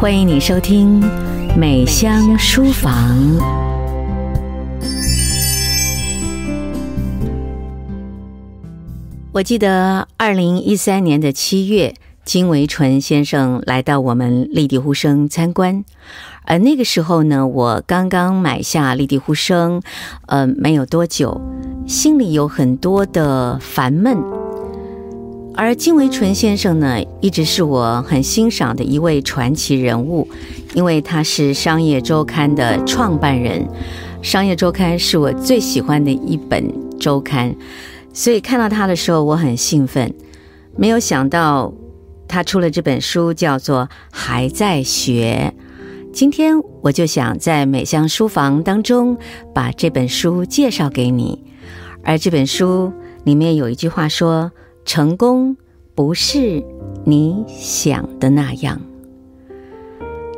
歡迎你收聽美香書房。我記得二零一三年的七月，金惟純先生來到我們立地呼聲參觀，而那個時候呢，我剛剛買下立地呼聲，呃，沒有多久，心裡有很多的煩悶。而金惟純先生呢，一直是我很欣賞的一位傳奇人物，因為他是商業周刊的創辦人《商業周刊》的創辦人，《商業周刊》是我最喜歡的一本周刊，所以看到他的時候我很興奮。沒有想到他出了這本書，叫做《還在學》。今天我就想在美香書房當中把這本書介紹給你。而這本書裡面有一句話說。成功不是你想的那樣。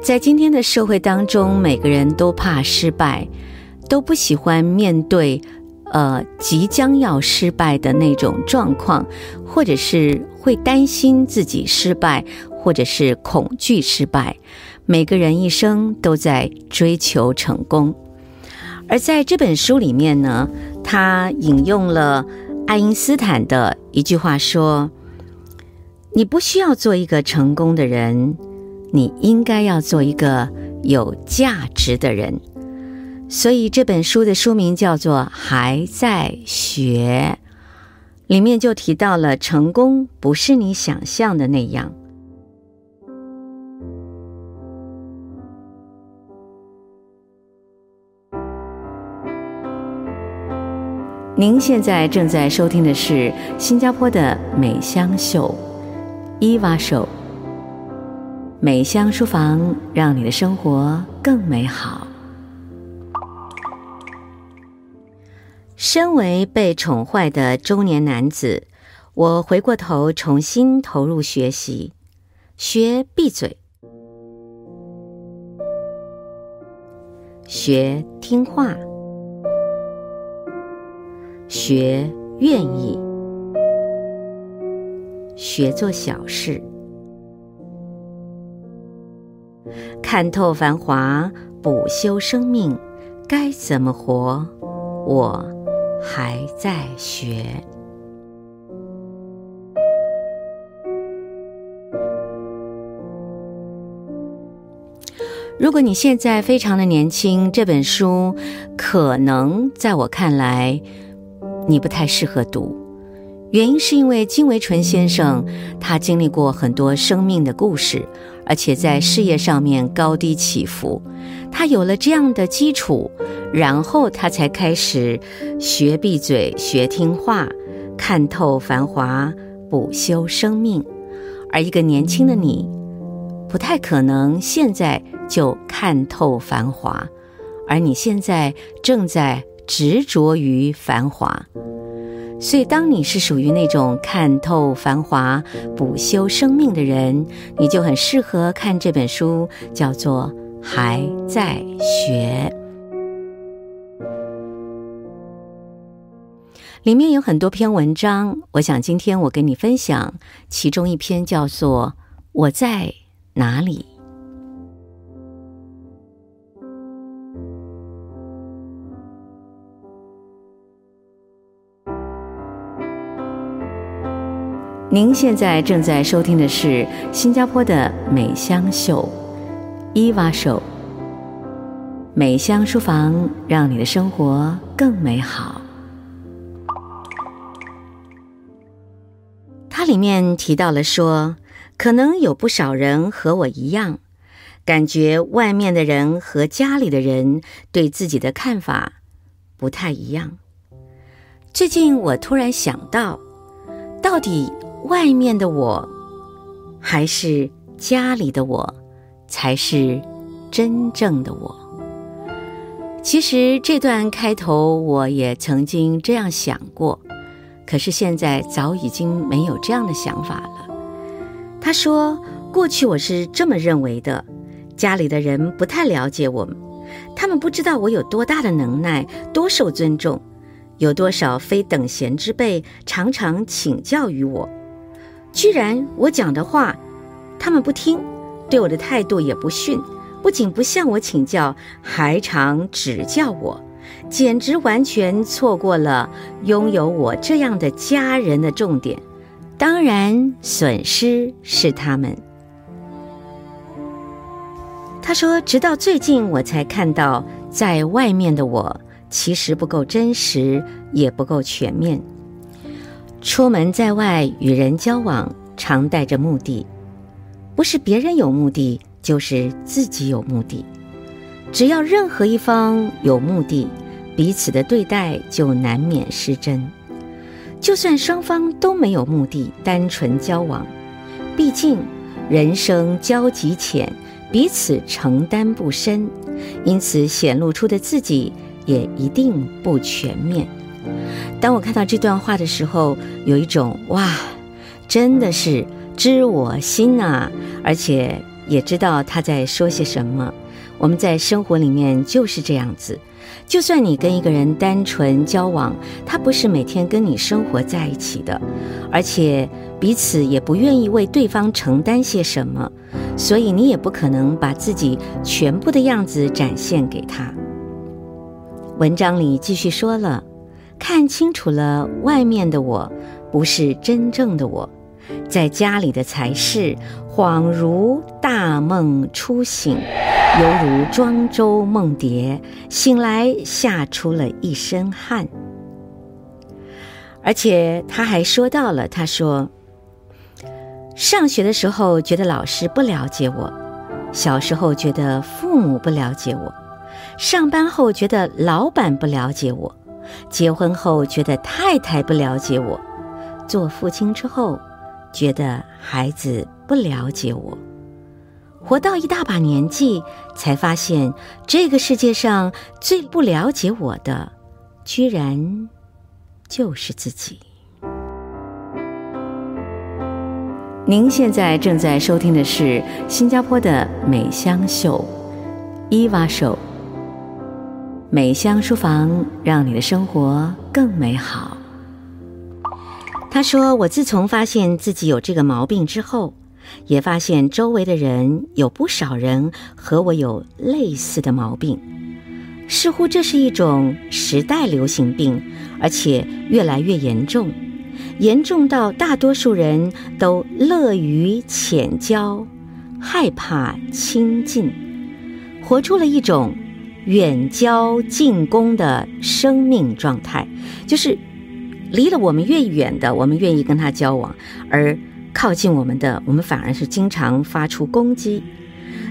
在今天的社會當中，每個人都怕失敗，都不喜歡面對呃即將要失敗的那種狀況，或者是會擔心自己失敗，或者是恐懼失敗。每個人一生都在追求成功，而在這本書裡面呢，他引用了。愛因斯坦的一句話說：“你不需要做一個成功的人，你應該要做一個有價值的人。”所以這本書的書名叫做《還在學》，裡面就提到了成功不是你想象的那樣。您現在正在收聽的是新加坡的美香秀，伊娃秀。美香書房，讓你的生活更美好。身為被寵壞的中年男子，我回過頭重新投入學習，學閉嘴，學聽話。學願意學做小事，看透繁華，補修生命，該怎麼活？我還在學。如果你現在非常的年輕，這本書可能在我看來。你不太適合讀，原因是因為金惟純先生，他經歷過很多生命的故事，而且在事業上面高低起伏，他有了這樣的基礎，然後他才開始學閉嘴、學聽話、看透繁華、補修生命。而一個年輕的你，不太可能現在就看透繁華，而你現在正在。執着於繁華，所以當你是屬於那種看透繁華、補修生命的人，你就很適合看這本書，叫做《還在學》。裡面有很多篇文章，我想今天我跟你分享其中一篇，叫做《我在哪裡》。您現在正在收聽的是新加坡的美香秀，伊娃秀。美香書房讓你的生活更美好。它裡面提到了說，可能有不少人和我一樣，感覺外面的人和家裡的人對自己的看法不太一樣。最近我突然想到，到底。外面的我，還是家裡的我，才是真正的我。其實這段開頭我也曾經這樣想過，可是現在早已經沒有這樣的想法了。他說：“過去我是這麼認為的，家裡的人不太了解我們，他們不知道我有多大的能耐，多受尊重，有多少非等閒之輩常常請教於我。”居然我講的話，他們不聽，對我的態度也不遜，不僅不向我請教，還常指教我，簡直完全錯過了擁有我這樣的家人的重點。當然，損失是他們。他說，直到最近我才看到，在外面的我其實不夠真實，也不夠全面。出門在外與人交往，常帶着目的，不是別人有目的，就是自己有目的。只要任何一方有目的，彼此的對待就難免失真。就算雙方都沒有目的，單純交往，畢竟人生交集淺，彼此承擔不深，因此顯露出的自己也一定不全面。當我看到這段話的時候，有一種哇，真的是知我心吶。而且也知道他在說些什麼。我們在生活裡面就是這樣子，就算你跟一個人單純交往，他不是每天跟你生活在一起的，而且彼此也不願意為對方承擔些什麼，所以你也不可能把自己全部的樣子展現給他。文章裡繼續說了。看清楚了，外面的我不是真正的我，在家裡的才是。恍如大夢初醒，猶如莊周夢蝶，醒來嚇出了一身汗。而且他還說到了，他說，上學的時候覺得老師不了解我，小時候覺得父母不了解我，上班後覺得老闆不了解我。結婚後覺得太太不了解我，做父親之後覺得孩子不了解我，活到一大把年紀才發現，這個世界上最不了解我的，居然就是自己。您現在正在收聽的是新加坡的美香秀，伊娃秀。美香書房，讓你的生活更美好。他說：“我自從發現自己有這個毛病之後，也發現周圍的人有不少人和我有類似的毛病，似乎這是一種時代流行病，而且越來越嚴重，嚴重到大多數人都樂於淺交，害怕親近，活出了一種”遠交近攻的生命狀態，就是離了我們越遠的，我們願意跟他交往；而靠近我們的，我們反而是經常發出攻擊。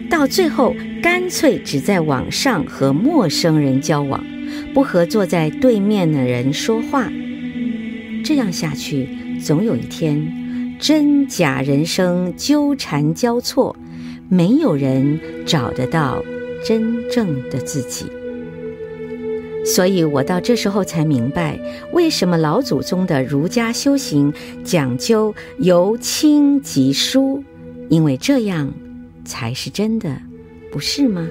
到最後，乾脆只在網上和陌生人交往，不和坐在對面的人說話。這樣下去，總有一天，真假人生糾纏交錯，沒有人找得到。真正的自己，所以我到這時候才明白，為什麼老祖宗的儒家修行講究由親及疏，因為這樣才是真的，不是嗎？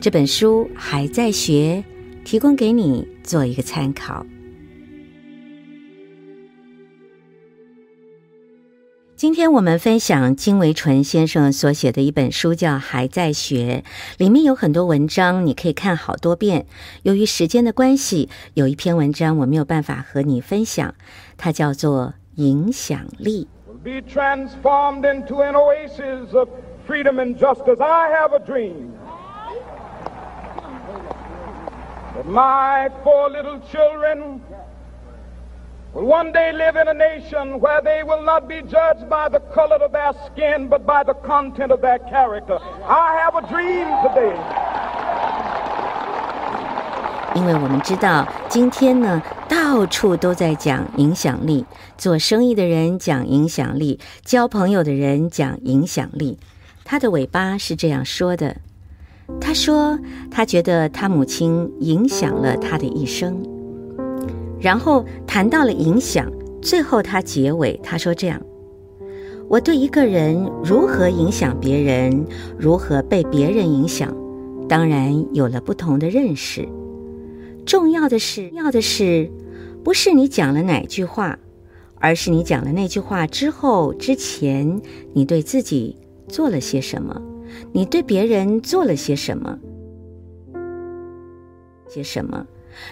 這本書還在學，提供給你做一個參考。今天我們分享金維純先生所寫的一本書，叫《還在學》，裡面有很多文章，你可以看好多遍。由於時間的關係，有一篇文章我沒有辦法和你分享，它叫做《影響力》。One day live in a nation where they will not be judged by the color of their skin, but by the content of their character. I have a dream today. 因為我們知道，今天呢，到處都在講影響力。做生意的人講影響力，交朋友的人講影響力。他的尾巴是這樣說的：他說，他覺得他母親影響了他的一生。然後談到了影響，最後他結尾他說：“這樣，我對一個人如何影響別人，如何被別人影響，當然有了不同的認識。重要的是，要的是，不是你講了哪句話，而是你講了那句話之後、之前，你對自己做了些什麼，你對別人做了些什麼，些什麼。”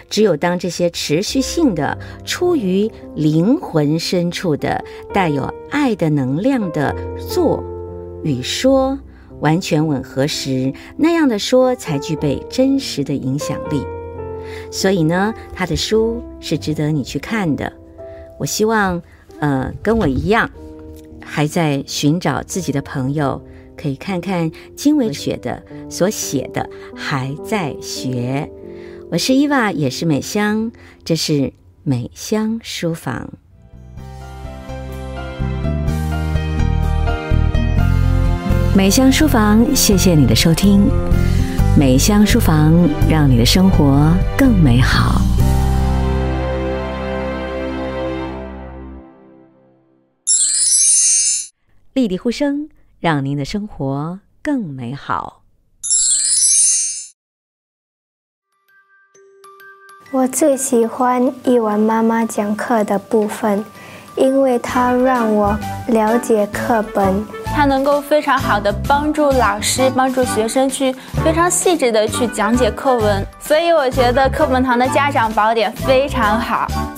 只有當這些持續性的、出於靈魂深處的、帶有愛的能量的做與說完全吻合時，那樣的說才具備真實的影響力。所以呢，他的書是值得你去看的。我希望，呃，跟我一樣還在尋找自己的朋友，可以看看金惟純的所寫的，還在學。我是伊娃，也是美香。這是美香書房。美香書房，謝謝你的收聽。美香書房，讓你的生活更美好。麗麗呼聲，讓您的生活更美好。我最喜歡一完媽媽講課的部分，因為它讓我了解課本，它能夠非常好的幫助老師、幫助學生去非常細緻的去講解課文，所以我覺得課本堂的家長寶典非常好。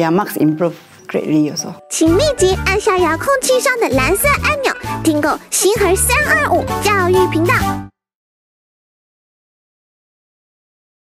Yeah, Max improved greatly 請立即按下遙控器上的藍色按鈕，訂購“星河三二五”教育頻道。